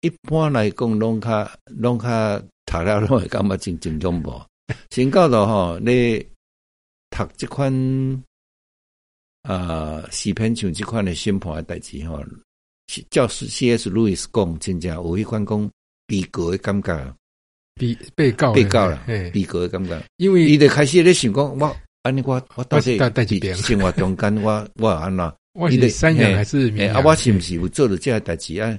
一般來講，龍卡龍卡讀了攏會感覺真正宗啵？先交代吼。你讀這款啊詩篇上這款嘅審判嘅代志，吼，教士 C. S. Lewis 講，真正有一款講被告嘅感覺，被被告的被告啦，被告嘅感覺。因為伊開始啲想講我，我，我到底生活中間，我，我安怎。你哋三洋還是洋？啊？我是不是有做咗呢個代志啊？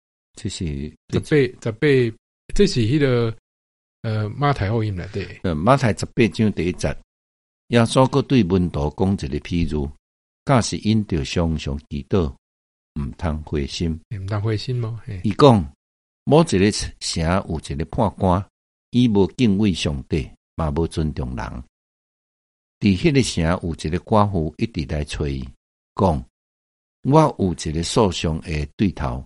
這是十八十八，這是一、那個，呃，馬太福音裏底，馬太十八章第一節，耶穌擱對門徒講：“一個，譬如，若是因着上上祈禱，毋通灰心，毋通灰心嗎？伊講某一個城有一個判官，伊無敬畏上帝，也無尊重人，佇迄個城有一個寡婦一直來找伊，講，我有一個受傷嘅對頭。